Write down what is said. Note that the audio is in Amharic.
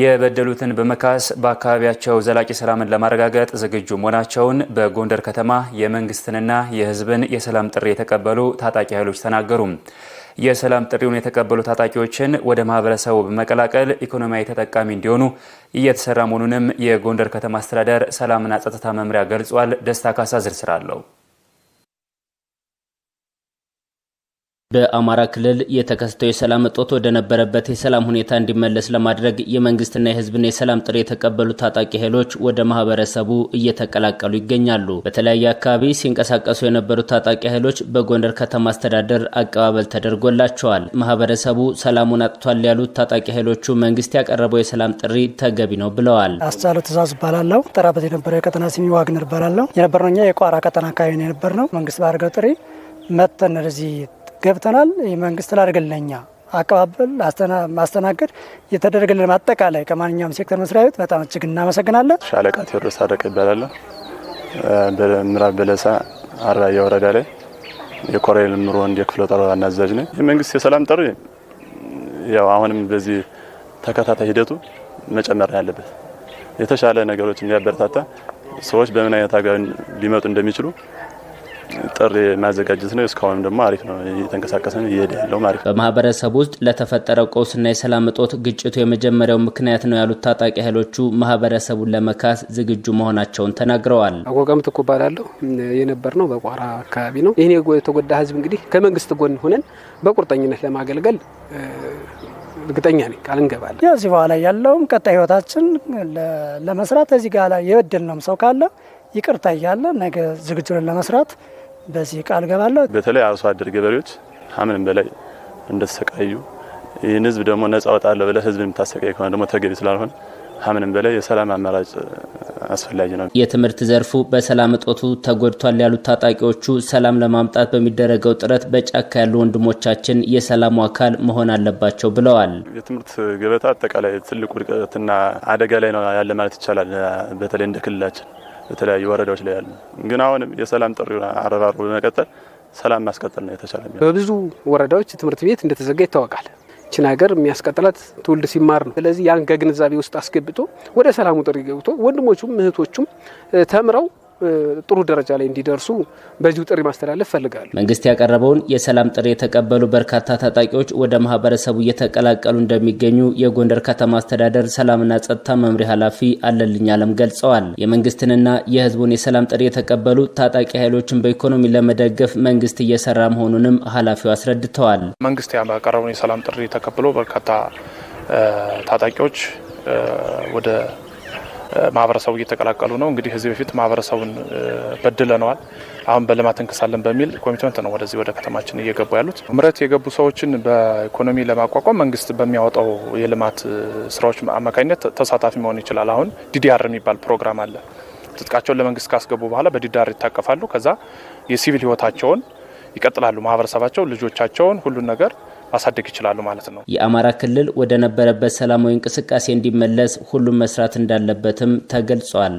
የበደሉትን በመካስ በአካባቢያቸው ዘላቂ ሰላምን ለማረጋገጥ ዝግጁ መሆናቸውን በጎንደር ከተማ የመንግስትንና የህዝብን የሰላም ጥሪ የተቀበሉ ታጣቂ ኃይሎች ተናገሩ። የሰላም ጥሪውን የተቀበሉ ታጣቂዎችን ወደ ማህበረሰቡ በመቀላቀል ኢኮኖሚያዊ ተጠቃሚ እንዲሆኑ እየተሰራ መሆኑንም የጎንደር ከተማ አስተዳደር ሰላምና ጸጥታ መምሪያ ገልጿል። ደስታ ካሳ ዝርዝር አለው። በአማራ ክልል የተከሰተው የሰላም እጦት ወደነበረበት የሰላም ሁኔታ እንዲመለስ ለማድረግ የመንግስትና የህዝብን የሰላም ጥሪ የተቀበሉ ታጣቂ ኃይሎች ወደ ማህበረሰቡ እየተቀላቀሉ ይገኛሉ። በተለያየ አካባቢ ሲንቀሳቀሱ የነበሩ ታጣቂ ኃይሎች በጎንደር ከተማ አስተዳደር አቀባበል ተደርጎላቸዋል። ማህበረሰቡ ሰላሙን አጥቷል ያሉት ታጣቂ ኃይሎቹ መንግስት ያቀረበው የሰላም ጥሪ ተገቢ ነው ብለዋል። አስቻለው ትእዛዝ እባላለሁ። ጠራበት የነበረው የቀጠና ሲሚ ዋግነር እባላለሁ። የነበርነው የቋራ ቀጠና አካባቢ ነው የነበርነው። መንግስት ባደረገው ጥሪ መጥተን ወደዚህ ገብተናል። መንግስት ላደርግልኛ አቀባበል ማስተናገድ የተደረገልን አጠቃላይ ከማንኛውም ሴክተር መስሪያ ቤት በጣም እጅግ እናመሰግናለን። ሻለቃ ቴዎድሮስ አደቀ ይባላለሁ። ምዕራብ በለሳ አራያ ወረዳ ላይ የኮሎኔል ምሮ ወንድ የክፍለ ጦር ዋና አዛዥ ነኝ። የመንግስት የሰላም ጥሪ ያው አሁንም በዚህ ተከታታይ ሂደቱ መጨመር ያለበት የተሻለ ነገሮች እንዲያበረታታ ሰዎች በምን አይነት አጋር ሊመጡ እንደሚችሉ ጥሪ የሚያዘጋጀት ነው። እስካሁንም ደግሞ አሪፍ ነው እየተንቀሳቀሰ ነው እየሄደ ያለው ማለት ነው። በማህበረሰብ ውስጥ ለተፈጠረው ቀውስና የሰላም እጦት ግጭቱ የመጀመሪያው ምክንያት ነው ያሉት ታጣቂ ኃይሎቹ ማህበረሰቡን ለመካስ ዝግጁ መሆናቸውን ተናግረዋል። አቆቀም ትኩ እባላለሁ የነበር ነው በቋራ አካባቢ ነው። ይህን የተጎዳ ህዝብ እንግዲህ ከመንግስት ጎን ሆነን በቁርጠኝነት ለማገልገል እርግጠኛ ነኝ ቃል እንገባለን። ከዚህ በኋላ ያለውም ቀጣይ ህይወታችን ለመስራት እዚህ ጋር የበደልነውም ሰው ካለ ይቅርታ እያለ ነገ ዝግጁ ለመስራት በዚህ ቃል ገባለሁ። በተለይ አርሶ አደር ገበሬዎች ከምንም በላይ እንደተሰቃዩ ይህን ህዝብ ደግሞ ነጻ ወጣለሁ ብለህ ህዝብ የምታሰቃይ ከሆነ ደግሞ ተገቢ ስላልሆነ ከምንም በላይ የሰላም አማራጭ አስፈላጊ ነው። የትምህርት ዘርፉ በሰላም እጦቱ ተጎድቷል ያሉት ታጣቂዎቹ ሰላም ለማምጣት በሚደረገው ጥረት በጫካ ያሉ ወንድሞቻችን የሰላሙ አካል መሆን አለባቸው ብለዋል። የትምህርት ገበታ አጠቃላይ ትልቁ ውድቀትና አደጋ ላይ ነው ያለ ማለት ይቻላል። በተለይ እንደ ክልላችን የተለያዩ ወረዳዎች ላይ ያሉ ግን አሁንም የሰላም ጥሪውን አረራሩ በመቀጠል ሰላም ማስቀጠል ነው የተቻለ። በብዙ ወረዳዎች ትምህርት ቤት እንደተዘጋ ይታወቃል። ችን ሀገር የሚያስቀጥላት ትውልድ ሲማር ነው። ስለዚህ ያን ከግንዛቤ ውስጥ አስገብቶ ወደ ሰላሙ ጥሪ ገብቶ ወንድሞቹም እህቶቹም ተምረው ጥሩ ደረጃ ላይ እንዲደርሱ በዚሁ ጥሪ ማስተላለፍ ፈልጋለሁ። መንግስት ያቀረበውን የሰላም ጥሪ የተቀበሉ በርካታ ታጣቂዎች ወደ ማህበረሰቡ እየተቀላቀሉ እንደሚገኙ የጎንደር ከተማ አስተዳደር ሰላምና ጸጥታ መምሪያ ኃላፊ አለልኝ አለም ገልጸዋል። የመንግስትንና የህዝቡን የሰላም ጥሪ የተቀበሉ ታጣቂ ኃይሎችን በኢኮኖሚ ለመደገፍ መንግስት እየሰራ መሆኑንም ኃላፊው አስረድተዋል። መንግስት ያቀረበውን የሰላም ጥሪ ተቀብሎ በርካታ ታጣቂዎች ወደ ማህበረሰቡ እየተቀላቀሉ ነው። እንግዲህ ከዚህ በፊት ማህበረሰቡን በድለነዋል፣ አሁን በልማት እንክሳለን በሚል ኮሚትመንት ነው ወደዚህ ወደ ከተማችን እየገቡ ያሉት። ምረት የገቡ ሰዎችን በኢኮኖሚ ለማቋቋም መንግስት በሚያወጣው የልማት ስራዎች አማካኝነት ተሳታፊ መሆን ይችላል። አሁን ዲዲአር የሚባል ፕሮግራም አለ። ትጥቃቸውን ለመንግስት ካስገቡ በኋላ በዲዳር ይታቀፋሉ። ከዛ የሲቪል ህይወታቸውን ይቀጥላሉ። ማህበረሰባቸው ልጆቻቸውን ሁሉን ነገር ማሳደግ ይችላሉ ማለት ነው። የአማራ ክልል ወደ ነበረበት ሰላማዊ እንቅስቃሴ እንዲመለስ ሁሉም መስራት እንዳለበትም ተገልጿል።